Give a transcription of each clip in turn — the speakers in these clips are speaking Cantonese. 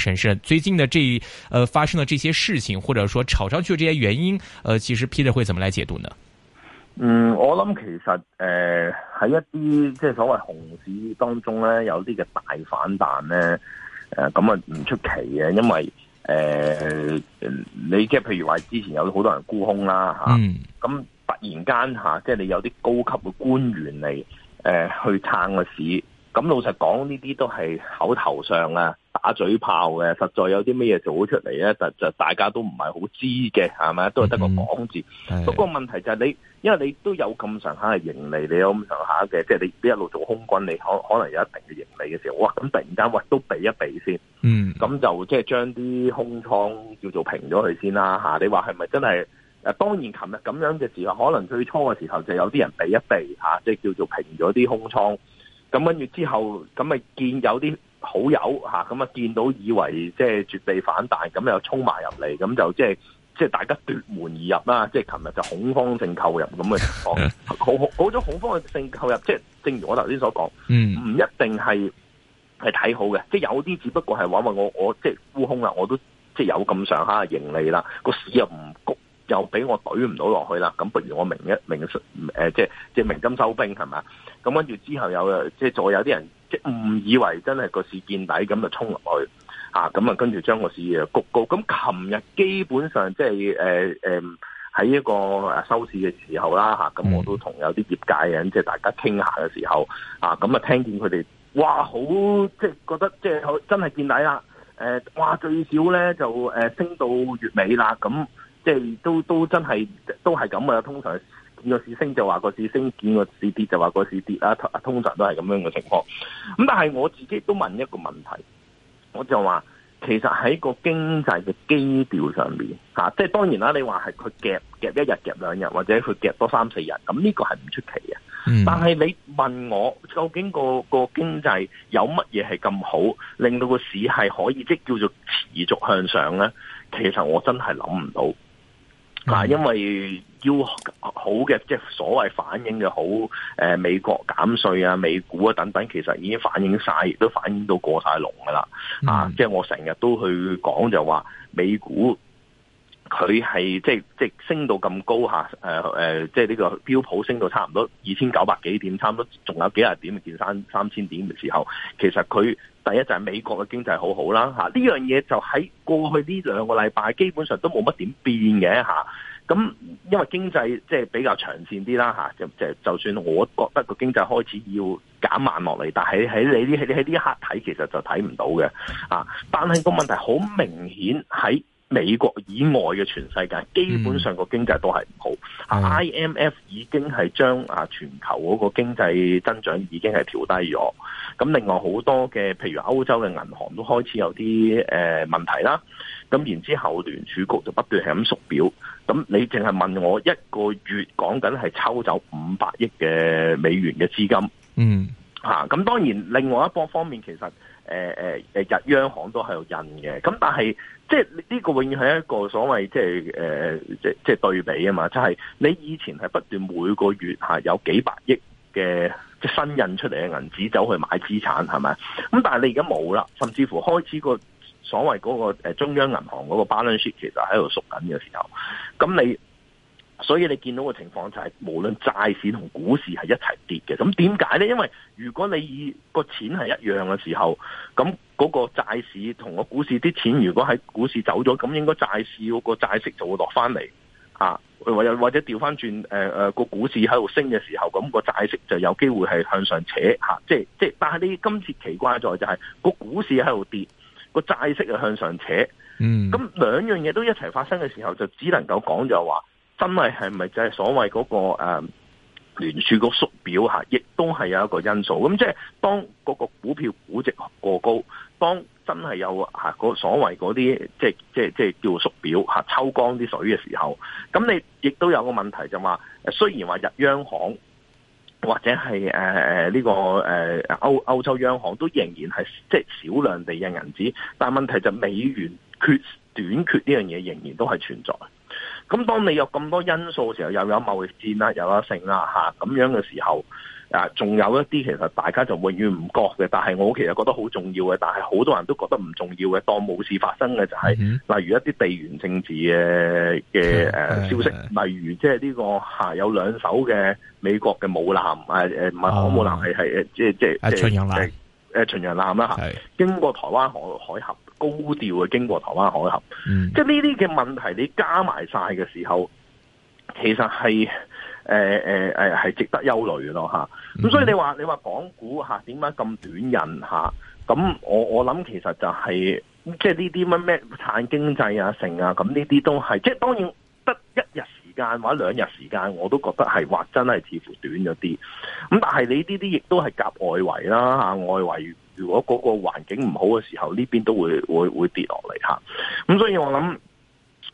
審視最近呢，這，呃發生的這些事情，或者說炒上去的這些原因，呃其實 Peter 會怎麼來解讀呢？嗯，我諗其實，誒、呃、喺一啲即係所謂熊市當中咧，有啲嘅大反彈咧，誒咁啊唔出奇嘅，因為誒、呃、你即係譬如話之前有好多人沽空啦吓，咁、嗯啊、突然間吓、啊，即係你有啲高級嘅官員嚟誒、呃、去撐個市，咁老實講呢啲都係口頭上啊。打嘴炮嘅，實在有啲乜嘢做咗出嚟咧，就就大家都唔係好知嘅，係咪都係得個講字。不過、嗯嗯、問題就係你，因為你都有咁上下嘅盈利，你有咁上下嘅，即、就、係、是、你一路做空軍，你可可能有一定嘅盈利嘅時候，哇！咁突然間，喂，都避一避先，咁、嗯、就即係將啲空倉叫做平咗佢先啦、啊、吓。你話係咪真係？誒，當然，琴日咁樣嘅時候，可能最初嘅時候就有啲人避一避吓，即、啊、係、就是、叫做平咗啲空倉。咁跟住之後，咁咪見有啲。好友吓，咁啊，見到以為即係絕地反彈，咁又衝埋入嚟，咁就即係即係大家奪門而入啦、啊！即係琴日就恐慌性購入咁嘅情況， 好好種恐慌性購入，即係正如我頭先所講，唔一定係係睇好嘅，即係有啲只不過係話話我我即係沽空啦，我都即係有咁上下盈利啦，那個市又唔。又俾我懟唔到落去啦，咁不如我明一明誒、呃，即係即係鳴金收兵係嘛？咁跟住之後有即係再有啲人即係誤以為真係個市見底咁就衝落去嚇，咁啊跟住將個市啊谷高。咁琴日基本上即係誒誒喺一個收市嘅時候啦嚇，咁、啊、我都同有啲業界人即係大家傾下嘅時候啊，咁、嗯、啊聽見佢哋哇好即係覺得即係真係見底啦誒、呃，哇最少咧就誒、呃、升到月尾啦咁。嗯即係都都真係都係咁啊！通常見個市升就話個市升，見個市跌就話個市跌啊！通常都係咁樣嘅情況。咁但係我自己都問一個問題，我就話其實喺個經濟嘅基調上面，啊、即係當然啦。你話係佢夾夾一日夾兩日，或者佢夾多三四日，咁呢個係唔出奇嘅。嗯、但係你問我究竟、個個、個個經濟有乜嘢係咁好，令到個市係可以即叫做持續向上咧？其實我真係諗唔到。嗱，嗯、因為要好嘅，即係所謂反映嘅好、呃，美國減稅啊、美股啊等等，其實已經反映晒，亦都反映到過晒龍噶啦，啊、嗯，即係我成日都去講就話美股。佢係即係即係升到咁高嚇，誒、啊、誒、呃，即係呢個標普升到差唔多二千九百幾點，差唔多仲有幾廿點見三三千點嘅時候，其實佢第一就係美國嘅經濟好好啦嚇，呢、啊、樣嘢就喺過去呢兩個禮拜基本上都冇乜點變嘅嚇。咁、啊、因為經濟即係比較長線啲啦嚇，就就就算我覺得個經濟開始要減慢落嚟，但係喺你呢喺喺呢一刻睇，其實就睇唔到嘅啊。但係個問題好明顯喺。美國以外嘅全世界，基本上個經濟都係唔好。嗯、IMF 已經係將啊全球嗰個經濟增長已經係調低咗。咁另外好多嘅，譬如歐洲嘅銀行都開始有啲、呃、問題啦。咁然之後聯儲局就不斷係咁縮表。咁你淨係問我一個月講緊係抽走五百億嘅美元嘅資金，嗯，咁、啊、當然另外一波方面其實。誒誒誒，日央行都喺度印嘅，咁但係即係呢、這個永遠係一個所謂、呃、即係誒、呃、即即係對比啊嘛，就係、是、你以前係不斷每個月係有幾百億嘅新印出嚟嘅銀紙走去買資產係咪？咁但係你而家冇啦，甚至乎開始個所謂嗰個中央銀行嗰個 balance sheet 其實喺度縮緊嘅時候，咁你。所以你見到個情況就係、是，無論債市同股市係一齊跌嘅。咁點解咧？因為如果你以個錢係一樣嘅時候，咁嗰個債市同個股市啲錢，如果喺股市走咗，咁應該債市嗰個債息就會落翻嚟、啊。或又或者調翻轉，個、呃啊、股市喺度升嘅時候，咁個債息就有機會係向上扯。即係即係，但係你今次奇怪在就係、是個股市喺度跌，個債息又向上扯。嗯。咁兩樣嘢都一齊發生嘅時候，就只能夠講就話。真係係咪就係所謂嗰、那個誒、啊、聯儲個縮表亦、啊、都係有一個因素。咁即係當嗰個股票估值過高，當真係有、啊、所謂嗰啲即係即係即係叫縮表、啊、抽光啲水嘅時候，咁你亦都有個問題就話、是，雖然話日央行或者係誒呢個誒、啊、歐，歐洲央行都仍然係即係少量地印銀紙，但問題就是、美元缺短缺呢樣嘢仍然都係存在。咁當你有咁多因素嘅時候，又有貿易戰啦，又有勝啦嚇，咁、啊、樣嘅時候，啊，仲有一啲其實大家就永遠唔覺嘅，但係我其實覺得好重要嘅，但係好多人都覺得唔重要嘅。當冇事發生嘅就係、是，嗯、哼例如一啲地緣政治嘅嘅、啊啊、消息，是是是例如即係呢個嚇、啊、有兩艘嘅美國嘅武艦，誒誒唔係航母艦係係誒，即係即係誒巡洋艦，誒巡洋艦啦嚇經過台灣海海峽。高調嘅經過台灣海峽，嗯、即係呢啲嘅問題，你加埋晒嘅時候，其實係誒誒誒係值得憂慮咯吓。咁、啊嗯、所以你話你話港股吓點解咁短人吓？咁、啊、我我諗其實就係、是、即係呢啲乜咩產經濟啊成啊，咁呢啲都係即係當然得一日時間或者兩日時間，我都覺得係話真係似乎短咗啲。咁但係你呢啲亦都係夾外圍啦吓，外圍。如果嗰個環境唔好嘅時候，呢邊都會會會跌落嚟吓，咁、啊、所以我諗，誒、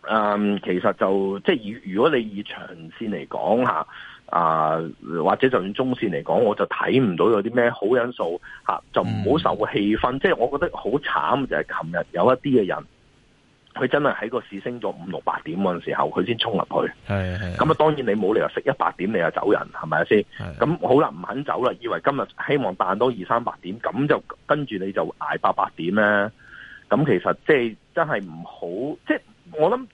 嗯、其實就即係如如果你以長線嚟講吓，啊或者就算中線嚟講我就睇唔到有啲咩好因素吓、啊、就唔好受氣氛。嗯、即係我覺得好慘，就係琴日有一啲嘅人。佢真係喺個市升咗五六百點嗰陣時候，佢先衝入去。係，係。咁啊，當然你冇理由食一百點你就走人，係咪啊先？咁好啦，唔肯走啦，以為今日希望彈多二三百點，咁就跟住你就捱八百點啦。咁其實即係真係唔好，即係我諗。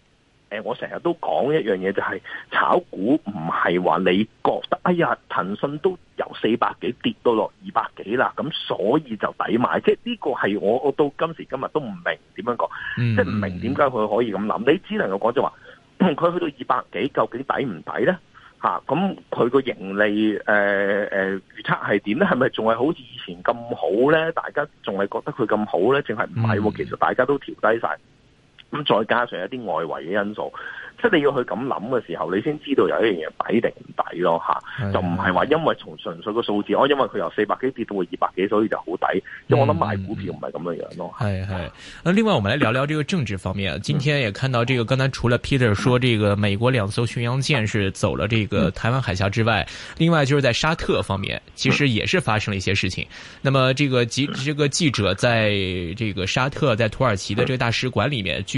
誒，我成日都講一樣嘢，就是，就係炒股唔係話你覺得哎呀，騰訊都由四百幾跌到落二百幾啦，咁所以就抵買，即係呢個係我我到今時今日都唔明點樣講，嗯嗯即係唔明點解佢可以咁諗。你只能夠講就話，佢去到二百幾究竟抵唔抵咧？吓，啊，咁佢個盈利誒誒預測係點咧？係咪仲係好似以前咁好咧？大家仲係覺得佢咁好咧？淨係唔係？嗯、其實大家都調低晒。咁再加上一啲外圍嘅因素，即係你要去咁諗嘅時候，你先知道有一樣嘢抵定唔抵咯吓，的就唔係話因為從純粹嘅數字，我因為佢由四百幾跌到二百幾，所以就好抵。因為、嗯、我諗賣股票唔係咁樣樣咯。係係。那另外我們來聊聊這個政治方面。嗯、今天也看到這個，剛才除了 Peter 說這個美國兩艘巡洋艦是走了這個台灣海峽之外，另外就是在沙特方面，其實也是發生了一些事情。那麼這個記這個記者在這個沙特在土耳其的這個大使館裏面，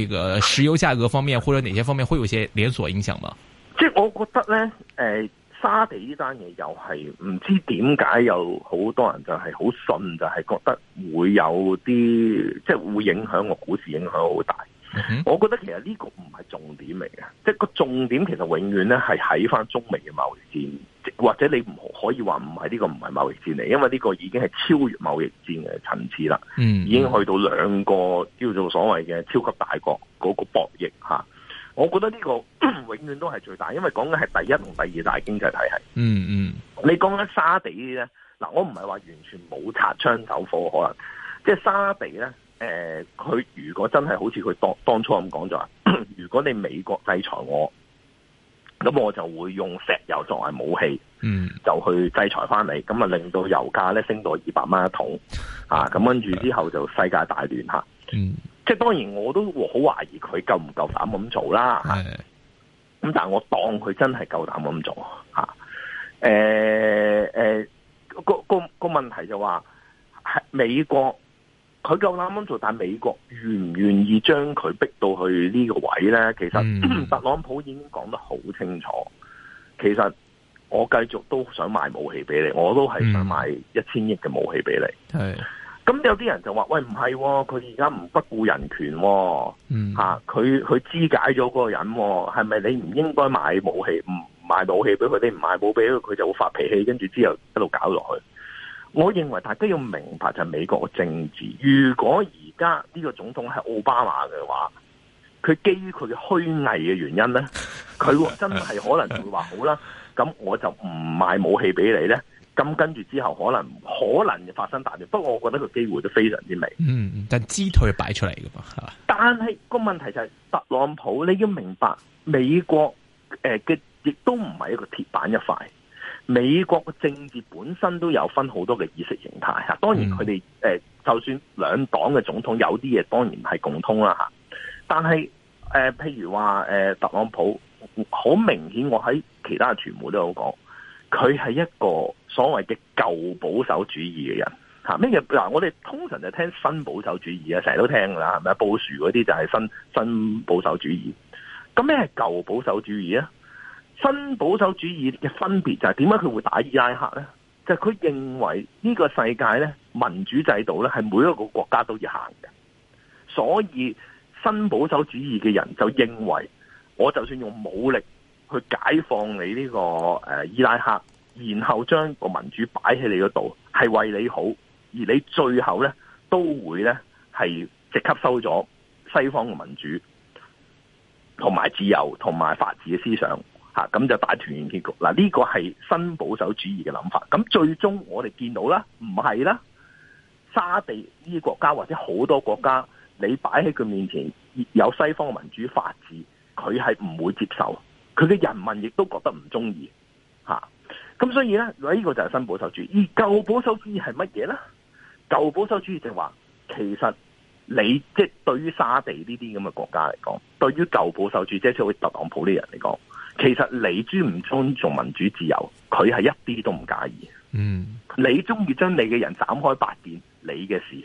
呢個石油價格方面或者哪些方面會有些連鎖影響嗎？即係我覺得咧，誒、呃，沙地呢單嘢又係唔知點解有好多人就係好信，就係覺得會有啲即係會影響個股市，影響好大。Uh huh. 我覺得其實呢個唔係重點嚟嘅，即係個重點其實永遠咧係喺翻中美嘅貿易戰，或者你唔可以話唔係呢個唔係貿易戰嚟，因為呢個已經係超越貿易戰嘅層次啦，mm hmm. 已經去到兩個叫做所謂嘅超級大國嗰個博弈吓，我覺得呢個、嗯、永遠都係最大，因為講緊係第一同第二大經濟體系，嗯嗯、mm，hmm. 你講緊沙地咧，嗱我唔係話完全冇擦槍走火可能，即係沙地咧。誒，佢如果他真係好似佢當當初咁講就話，如果你美國制裁我，咁我就會用石油作為武器，嗯，就去制裁翻嚟。咁啊令到油價咧升到二百蚊一桶，啊，咁跟住之後就世界大亂吓，嗯，即係當然我都好懷疑佢夠唔夠膽咁做啦，係，咁但係我當佢真係夠膽咁做，吓，誒誒，個個個問題就話係美國。佢夠啱啱做，但係美國願唔願意將佢逼到去呢個位咧？其實、嗯、特朗普已經講得好清楚，其實我繼續都想買武器俾你，我都係想買一、嗯、千億嘅武器俾你。係是，咁有啲人就話，喂，唔係、哦，佢而家唔不顧人權、哦、吓、嗯，佢佢肢解咗嗰個人、哦，係咪你唔應該買武器？唔買武器俾佢，你唔買武俾佢，佢就會發脾氣，跟住之後一路搞落去。我認為大家要明白就係美國嘅政治。如果而家呢個總統係奧巴馬嘅話，佢基於佢嘅虛偽嘅原因呢，佢 真係可能會話好啦，咁 我就唔賣武器俾你呢。咁跟住之後可能可能發生大戰，不過我覺得個機會都非常之微。嗯，但支退擺出嚟噶嘛，但係個問題就係、係、特朗普，你要明白美國嘅、呃、亦都唔係一個鐵板一塊。美國嘅政治本身都有分好多嘅意識形態嚇，當然佢哋誒，就算兩黨嘅總統有啲嘢當然係共通啦嚇，但係誒、呃、譬如話誒、呃、特朗普好明顯，我喺其他傳媒都有講，佢係一個所謂嘅舊保守主義嘅人嚇。咩嘢嗱？我哋通常就聽新保守主義啊，成日都聽㗎啦，係咪啊？布殊嗰啲就係新新保守主義，咁咩係舊保守主義啊？新保守主義嘅分別就係點解佢會打伊拉克呢？就係佢認為呢個世界民主制度咧係每一個國家都要行嘅，所以新保守主義嘅人就認為我就算用武力去解放你呢個誒伊拉克，然後將個民主擺喺你嗰度，係為你好，而你最後咧都會咧係吸收咗西方嘅民主同埋自由同埋法治嘅思想。吓，咁就大團圓結局嗱，呢個係新保守主義嘅諗法。咁最終我哋見到啦，唔係啦，沙地呢啲國家或者好多國家，你擺喺佢面前有西方民主法治，佢係唔會接受，佢嘅人民亦都覺得唔中意。吓，咁所以咧，呢個就係新保守主義。而舊保守主義係乜嘢咧？舊保守主義就係話，其實你即係對於沙地呢啲咁嘅國家嚟講，對於舊保守主義，即係所謂特朗普呢人嚟講。其實你尊唔尊重民主自由，佢係一啲都唔介意。嗯、mm.，你中意將你嘅人斬開八段，你嘅事。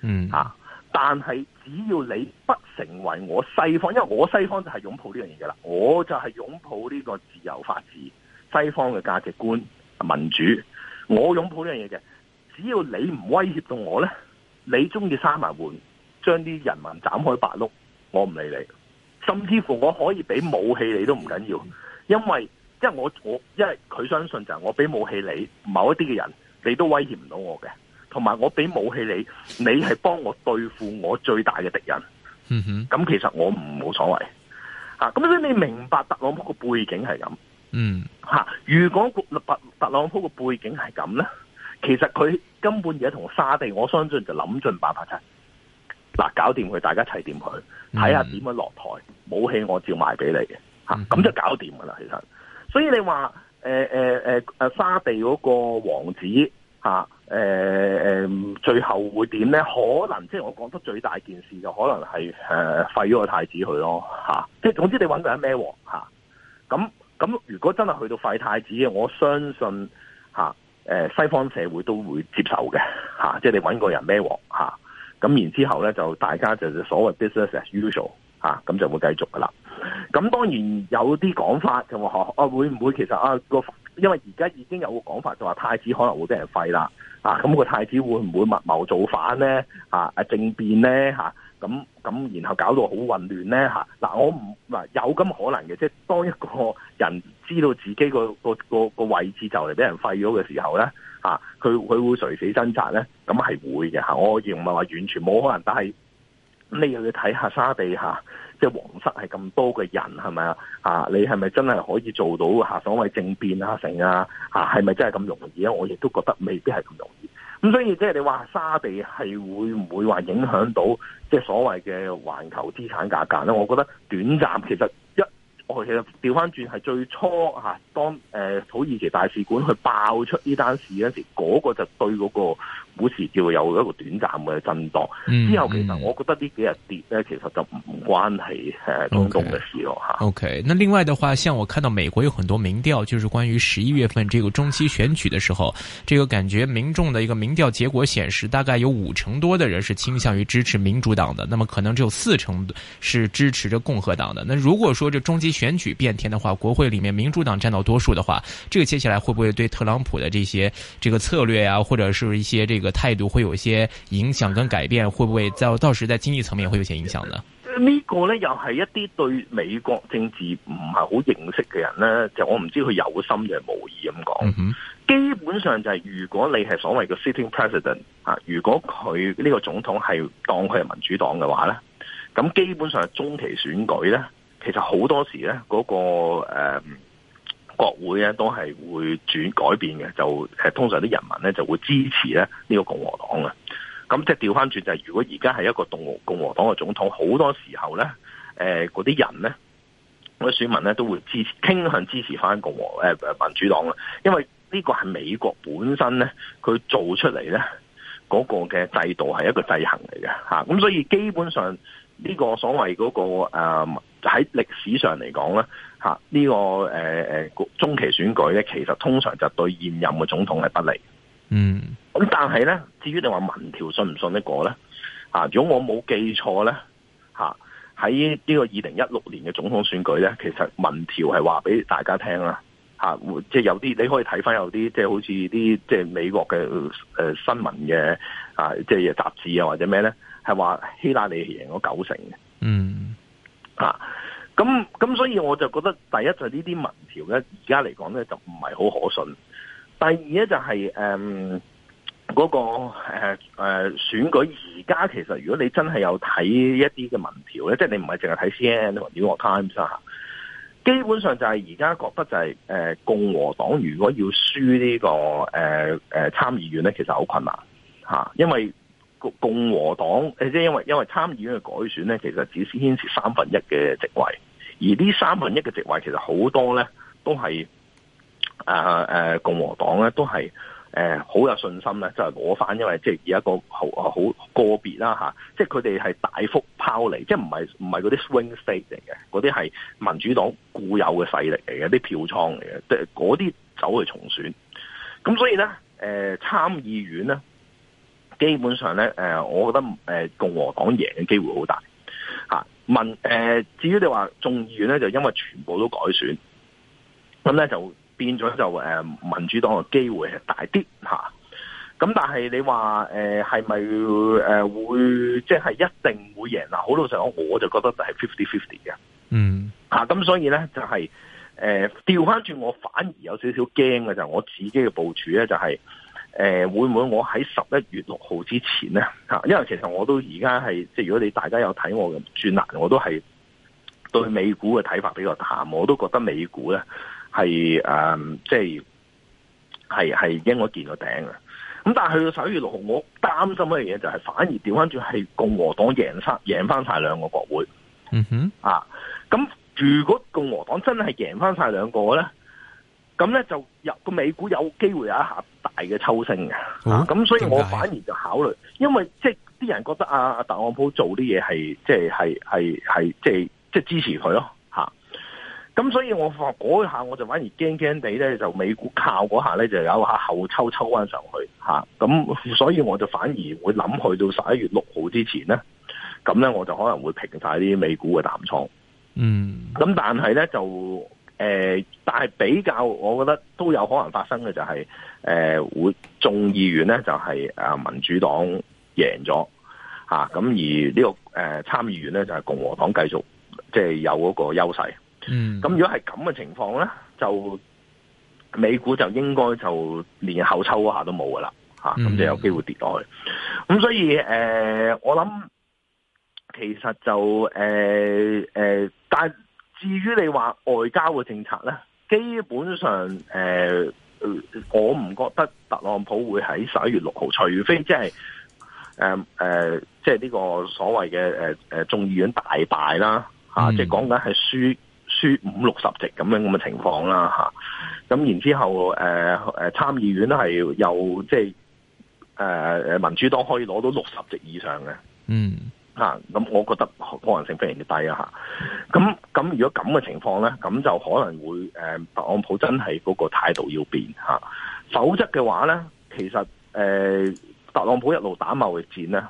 嗯、mm. 啊、但係只要你不成為我西方，因為我西方就係擁抱呢樣嘢噶啦，我就係擁抱呢個自由法治、西方嘅價值觀、民主。我擁抱呢樣嘢嘅，只要你唔威脅到我呢，你中意閂埋門，將啲人民斬開八碌，我唔理你。甚至乎我可以俾武器你都唔緊要，因為因為我我因為佢相信就係我俾武器你某一啲嘅人，你都威脅唔到我嘅。同埋我俾武器你，你係幫我對付我最大嘅敵人。咁、嗯、哼其實我唔冇所謂。啊，咁所以你明白特朗普個背景係咁。嗯，吓、啊，如果特朗普個背景係咁呢，其實佢根本而家同沙地，我相信就諗盡辦法出。嗱，搞掂佢，大家一齊掂佢，睇下點樣落台，嗯、武器我照賣俾你嘅吓，咁、嗯、就搞掂噶啦，其實。所以你話誒誒誒誒沙地嗰個王子吓，誒、啊、誒、呃、最後會點咧？可能即係、就是、我講得最大件事，就可能係誒廢咗個太子佢咯吓。即係總之，你搵個人孭鑊吓。咁、啊、咁，如果真係去到廢太子，我相信吓，誒、啊呃、西方社會都會接受嘅吓、啊。即係你搵個人孭鑊吓。啊咁然之後咧，就大家就所謂 business as usual 嚇，咁就會繼續噶啦。咁當然有啲講法就話啊，會唔會其實啊個，因為而家已經有個講法就話太子可能會俾人廢啦，咁個太子會唔會密謀造反咧？啊政變咧，咁，咁然後搞到好混亂咧，嗱我唔，嗱有咁可能嘅，即係當一個人知道自己、個個個個位置就嚟俾人廢咗嘅時候咧。啊！佢佢會垂死掙扎咧，咁係會嘅吓。我亦唔係話完全冇可能，但係你又要睇下沙地下，啊、即係皇室係咁多嘅人係咪啊？你係咪真係可以做到吓，啊？所謂政變啊成啊，吓係咪真係咁容易咧？我亦都覺得未必係咁容易。咁所以即係、就是、你話沙地係會唔會話影響到即係所謂嘅環球資產價格咧？我覺得短暫其實。我其實調翻轉係最初、啊、當、呃、土耳其大使館去爆出呢單事嗰時，嗰、嗰個就對嗰、嗰個。股市就會有一個短暫嘅震盪，之後其實我覺得呢幾日跌呢，其實就唔關係中東的事 OK，okay. 那另外的話，像我看到美國有很多民調，就是關於十一月份這個中期選舉的時候，這個感覺民眾的一個民調結果顯示，大概有五成多的人是傾向於支持民主黨的，那麼可能只有四成是支持着共和黨的。那如果說這中期選舉變天的話，國會裏面民主黨佔到多數的話，這個接下來會不會對特朗普的這些這個策略啊，或者是一些這個？態度會有一些影響跟改變，會不會到到時在經濟層面會有些影響呢？呢個呢又係一啲對美國政治唔係好認識嘅人呢。就是、我唔知佢有心定係無意咁講。嗯、哼基本上就係、是、如果你係所謂嘅 sitting president 啊，如果佢呢個總統係當佢係民主黨嘅話呢，咁基本上係中期選舉呢。其實好多時呢嗰、那個誒。呃國會咧都係會轉改變嘅，就誒通常啲人民咧就會支持咧呢個共和黨嘅。咁即係調翻轉就係、就是，如果而家係一個共和共和黨嘅總統，好多時候咧誒嗰啲人咧，我選民咧都會支持傾向支持翻共和誒民主黨啦，因為呢個係美國本身咧佢做出嚟咧嗰個嘅制度係一個制衡嚟嘅吓，咁所以基本上呢個所謂嗰、那個誒。啊喺歷史上嚟講咧，吓、這、呢個誒誒、呃、中期選舉咧，其實通常就對現任嘅總統係不利。嗯。咁但係咧，至於你話民調信唔信得過咧？啊，如果我冇記錯咧，吓喺呢個二零一六年嘅總統選舉咧，其實民調係話俾大家聽啦，吓即係有啲你可以睇翻有啲即係好似啲即係美國嘅誒、呃、新聞嘅啊，即、呃、係雜誌啊或者咩咧，係話希拉里贏咗九成嘅。嗯。咁咁、啊、所以我就覺得第一就係呢啲民調咧，而家嚟講咧就唔係好可信。第二咧就係、是、誒，嗰、嗯那個誒誒、呃呃、選舉而家其實如果你真係有睇一啲嘅民調咧，即、就、係、是、你唔係淨係睇 C N, N 或 New、York、Times 啊，基本上就係而家覺得就係、是、誒、呃、共和黨如果要輸呢、這個誒誒、呃呃、參議院咧，其實好困難吓、啊，因為。共和黨，誒，即係因為因為參議院嘅改選咧，其實只先牽涉三分一嘅席位，而呢三分一嘅席位，其實好多咧都係啊誒共和黨咧都係誒好有信心咧，就係攞翻，因為即係而一個好、呃、啊好個別啦吓，即係佢哋係大幅拋離，即係唔係唔係嗰啲 swing state 嚟嘅。嗰啲係民主黨固有嘅勢力嚟嘅，啲票倉嚟嘅，即係嗰啲走去重選，咁所以咧誒參議院咧。基本上咧，誒，我覺得誒，共和黨贏嘅機會好大，吓民誒，至於你話眾議院咧，就因為全部都改選，咁咧就變咗就誒，民主黨嘅機會係大啲吓。咁但係你話誒係咪誒會即係一定會贏啊？好老實講，我就覺得係 fifty fifty 嘅，嗯吓，咁、啊、所以咧就係誒調翻轉，我反而有少少驚嘅就係、我自己嘅部署咧就係、係。誒，會唔會我喺十一月六號之前咧吓？因為其實我都而家係即係，如果你大家有睇我嘅專欄，我都係對美股嘅睇法比較淡。我都覺得美股咧係誒，即係係係應該見到頂嘅。咁但係去到十一月六號，我擔心嘅嘢就係反而調翻轉，係共和黨贏翻贏翻晒兩個國會。嗯哼，啊，咁如果共和黨真係贏翻晒兩個咧？咁咧就入個美股有機會有一下大嘅抽升嘅，咁、哦啊、所以我反而就考慮，為因為即係啲人覺得啊，特朗普做啲嘢係即係係係係即係即係支持佢咯，嚇、啊。咁所以我話嗰下我就反而驚驚地咧，就美股靠嗰下咧就有下後抽抽翻上去嚇，咁、啊、所以我就反而會諗去到十一月六號之前咧，咁咧我就可能會平曬啲美股嘅淡倉，嗯，咁、啊、但係咧就。誒、呃，但係比較，我覺得都有可能發生嘅就係、是、誒、呃、會眾議員咧就係、是、民主黨贏咗，吓、啊、咁而呢、這個誒參、呃、議員咧就係、是、共和黨繼續即係、就是、有嗰個優勢，嗯，咁如果係咁嘅情況咧，就美股就應該就連後抽嗰下都冇㗎喇，吓、啊、咁就有機會跌落去，咁、嗯、所以誒、呃、我諗其實就誒誒、呃呃、但。至於你話外交嘅政策咧，基本上誒、呃，我唔覺得特朗普會喺十一月六號，除非即係誒、呃、即係呢個所謂嘅眾議院大敗啦、啊、即係講緊係輸輸五六十席咁樣咁嘅情況啦咁、啊啊、然之後誒、呃、參議院都係又即係誒、呃、民主黨可以攞到六十席以上嘅，嗯。咁，嗯、我覺得可能性非常之低啊！嚇，咁咁如果咁嘅情況咧，咁就可能會誒、呃，特朗普真係嗰個態度要變嚇，否、啊、則嘅話咧，其實誒、呃，特朗普一路打貿易戰咧，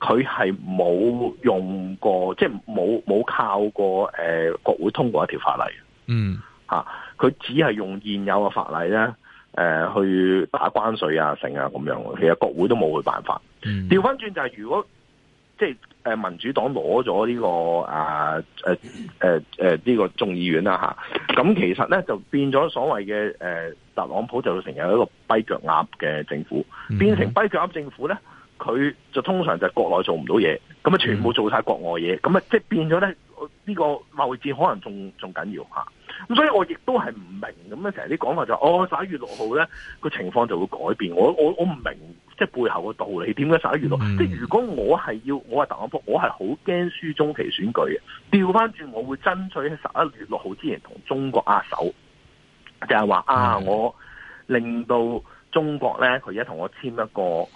佢係冇用過，即係冇冇靠過誒、呃，國會通過一條法例，嗯嚇，佢、啊、只係用現有嘅法例咧，誒、呃、去打關稅啊，成啊咁樣，其實國會都冇佢辦法。調翻轉就係、是、如果。即係誒，民主黨攞咗呢個啊誒誒誒呢個眾議院啦嚇，咁、啊、其實咧就變咗所謂嘅誒、呃、特朗普就會成為一個跛腳鴨嘅政府，變成跛腳鴨政府咧，佢就通常就係國內做唔到嘢，咁啊全部做晒國外嘢，咁啊即係變咗咧呢個貿易戰可能仲仲緊要嚇。啊咁所以我亦都係唔明咁咧，成日啲講法就我十一月六號咧個情況就會改變，我我我唔明即係背後嘅道理點解十一月六號？嗯、即係如果我係要我係特朗普，我係好驚輸中期選舉嘅。調翻轉，我會爭取喺十一月六號之前同中國握手，就係、是、話啊，的我令到中國咧佢而家同我簽一個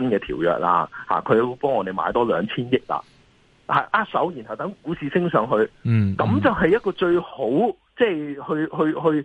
新嘅條約啦，佢會幫我哋買多兩千億啦嚇，握手，然後等股市升上去，咁、嗯、就係一個最好。即係去去去，誒誒、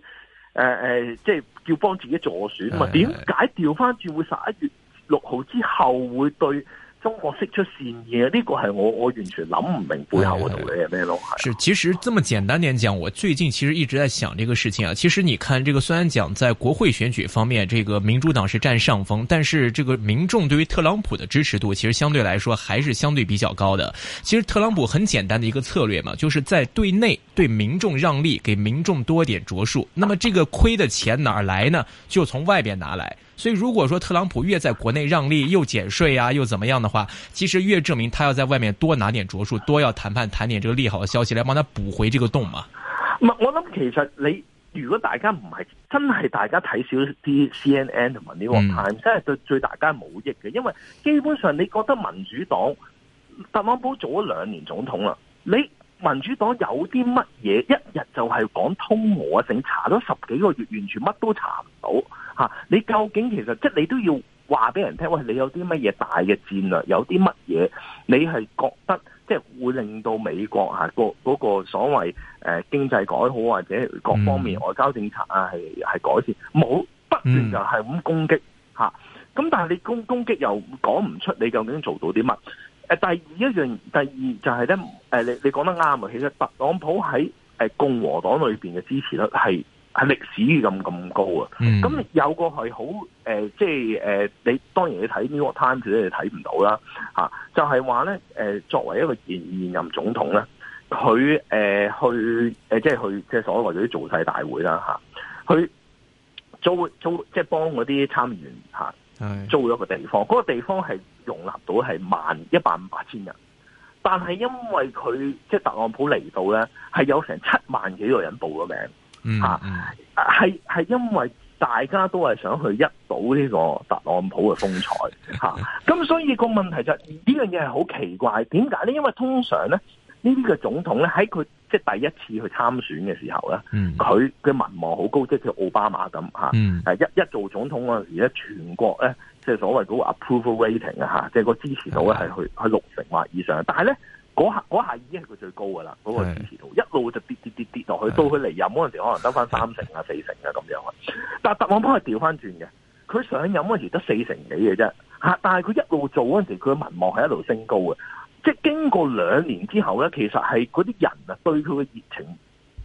呃，即係要幫自己助選啊嘛？點解調翻轉會十一月六號之後會對？中國識出善意，呢、這個係我我完全諗唔明背後嗰度嘅咩邏輯。是，其實這麼簡單點講，我最近其實一直在想這個事情啊。其實你看，這個雖然講在國會選舉方面，這個民主黨是占上風，但是這個民眾對於特朗普的支持度，其實相對來說還是相對比較高的。其實特朗普很簡單的一個策略嘛，就是在對內對民眾讓利，給民眾多點着數。那麼這個虧的錢哪兒來呢？就從外邊拿來。所以如果說特朗普越在國內讓利又減稅啊又怎麼樣的話，其實越證明他要在外面多拿點着數，多要談判談點這個利好的消息嚟，幫他補回這個洞嘛。我諗其實你如果大家唔係真係大家睇少啲 CNN 同 New York Times，真係對大家冇益嘅，因為基本上你覺得民主黨特朗普做咗兩年總統啦，你民主黨有啲乜嘢一日就係講通俄性查咗十幾個月，完全乜都查唔到。嚇！你究竟其實即係你都要話俾人聽，喂！你有啲乜嘢大嘅戰略，有啲乜嘢你係覺得即係會令到美國嗰、啊那個所謂誒、呃、經濟改好，或者各方面外交政策啊係係改善，冇不斷就係咁攻擊咁、嗯啊、但係你攻攻擊又講唔出你究竟做到啲乜、啊？第二一樣，第二就係咧、啊、你你講得啱啊！其實特朗普喺共和黨裏面嘅支持率係，係歷史咁咁高啊！咁有個係好、呃、即係誒、呃，你當然你睇 New York Times 咧，睇唔到啦就係、是、話呢、呃，作為一個現任總統呢，佢誒、呃、去、呃、即係去即係所謂嗰啲造勢大會啦佢、啊、租租，租即係幫嗰啲參議員嚇、啊、租咗個地方，嗰是的 個地方係容納到係萬一百五百千人，但係因為佢即係特朗普嚟到呢，係有成七萬幾個人報咗名。嗯嚇，係、嗯、係因為大家都係想去一睹呢個特朗普嘅風采嚇，咁、 啊、所以個問題就係呢樣嘢係好奇怪，點解咧？因為通常咧呢啲嘅、這個、總統咧喺佢即係第一次去參選嘅時候咧，佢嘅、嗯、民望好高，即係佢奧巴馬咁嚇，係、啊嗯、一一做總統嗰陣時咧，全國咧即係所謂嗰個 approval rating 啊嚇，即係個支持度咧係去去六成或以上，但係咧。嗰下嗰下已經係佢最高㗎啦，嗰、嗰個支持度一路就跌跌跌跌落去，到佢離任嗰陣時，可能得翻三成啊 四成啊咁樣啊。但特朗普係調翻轉嘅，佢上任嗰陣時得四成幾嘅啫，但係佢一路做嗰陣時，佢民望係一路升高嘅，即係經過兩年之後咧，其實係嗰啲人啊對佢嘅熱情。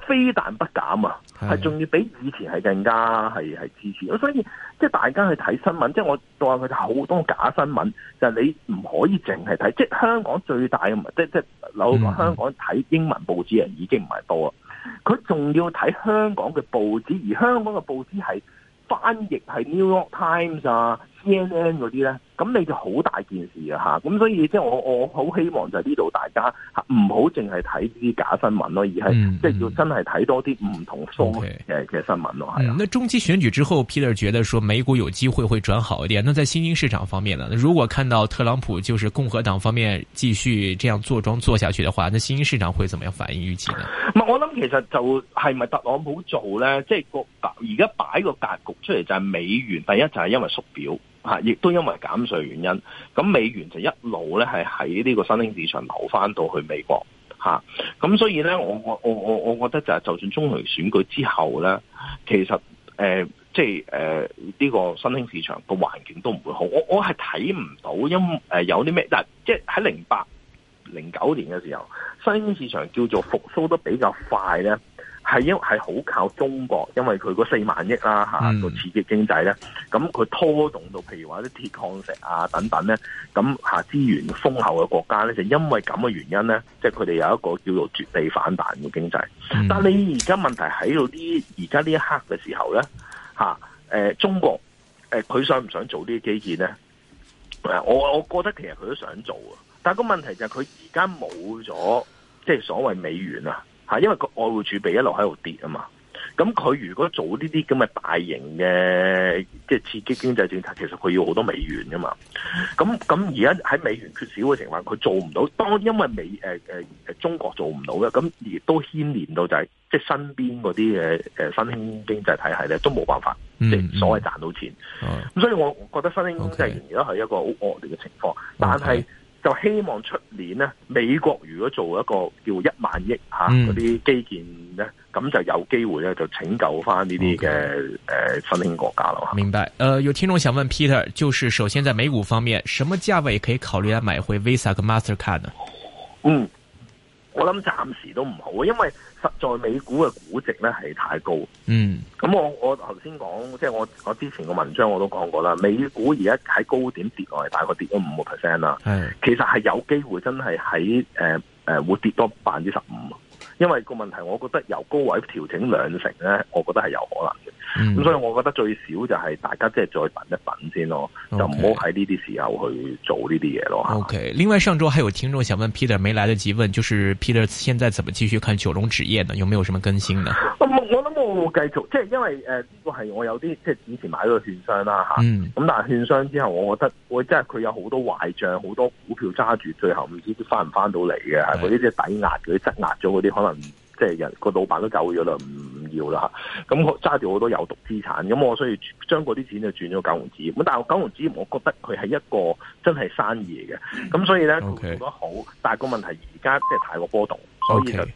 非但不減啊，係仲要比以前係更加係係支持，所以即係大家去睇新聞，即係我話佢好多假新聞，就係、是、你唔可以淨係睇，即係香港最大嘅係即即係我講香港睇英文報紙人已經唔係多啊，佢仲要睇香港嘅報紙，而香港嘅報紙係翻譯係 New York Times 啊、CNN 嗰啲咧。咁你就好大件事啊吓，咁所以即係我我好希望就呢度大家唔好淨係睇啲假新聞咯，而係即係要真係睇多啲唔同方嘅嘅新聞咯。係、嗯。啊、嗯，那中期選舉之後，Peter 覺得說美股有機會會轉好一點。那在新興市場方面呢？如果看到特朗普就是共和黨方面繼續這樣坐莊坐下去的話，那新興市場會怎麼樣反應預期呢？唔係，我諗其實就係咪特朗普做呢？即係個，而家擺個格局出嚟就係美元，第一就係因為縮表。嚇！亦都因為減稅原因，咁美元就一路咧係喺呢個新興市場流翻到去美國嚇。咁所以咧，我我我我我覺得就係、是，就算中期選舉之後咧，其實誒即係誒呢個新興市場個環境都唔會好。我我係睇唔到因，因誒有啲咩？嗱，即係喺零八、零九年嘅時候，新興市場叫做復甦得比較快咧。係因為係好靠中國，因為佢嗰四萬億啦吓，個刺激經濟咧，咁佢拖動到譬如話啲鐵礦石啊等等咧，咁吓，資源豐厚嘅國家咧，就因為咁嘅原因咧，即係佢哋有一個叫做絕地反彈嘅經濟。嗯、但係你而家問題喺度啲，而家呢一刻嘅時候咧，吓、啊、誒、呃，中國誒，佢、呃、想唔想做呢啲基建咧？我我覺得其實佢都想做啊，但係個問題就係佢而家冇咗即係所謂美元啊。因為個外匯儲備一路喺度跌啊嘛，咁佢如果做呢啲咁嘅大型嘅即係刺激經濟政策，其實佢要好多美元啊嘛，咁咁而家喺美元缺少嘅情況，佢做唔到。當因為美誒誒誒中國做唔到嘅，咁亦都牽連到就係、是、即係身邊嗰啲嘅誒新興經濟體系咧，都冇辦法、嗯、即所謂賺到錢。咁、啊、所以我覺得新興經濟仍然都係一個好惡劣嘅情況，okay. 但係是。Okay. 就希望出年呢，美國如果做一個叫一萬億嚇嗰啲基建咧，咁就有機會咧就拯救翻呢啲嘅誒發展國家、新興國家咯，明白。誒、呃、有聽眾想問 Peter，就是首先在美股方面，什麼價位可以考慮嚟買回 Visa 跟 Mastercard 呢？嗯。我諗暫時都唔好，因為實在美股嘅估值咧係太高。嗯，咁我我頭先講，即係我我之前個文章我都講過啦，美股而家喺高點跌落嚟，大概跌咗五個 percent 啦。係，是的 其實係有機會真係喺誒誒會跌多百分之十五。因為個問題，我覺得由高位調整兩成咧，我覺得係有可能嘅。咁、嗯、所以，我覺得最少就係大家即係再等一等先咯，okay，就唔好喺呢啲時候去做呢啲嘢咯。OK。另外，上週還有聽眾想問 Peter，沒來得及問，就是 Peter 現在怎麼繼續看九龍紙業呢？有沒有什麼更新呢？啊、我我都冇繼續，即係因為誒呢個係我有啲即係以前買咗個券商啦嚇，咁、啊嗯、但係券商之後，我覺得會即係佢有好多壞帳，好多股票揸住，最後唔知翻唔翻到嚟嘅，係嗰啲抵押嗰啲質押咗嗰啲可能。即係人個老闆都走咗啦，唔要啦吓，咁我揸住好多有毒資產，咁我所以將嗰啲錢就轉咗玖龍紙業，咁但係玖龍紙業，我覺得佢係一個真係生意嘅，咁所以咧佢做得好，Okay. 但係個問題而家即係太過波動，所以就。Okay.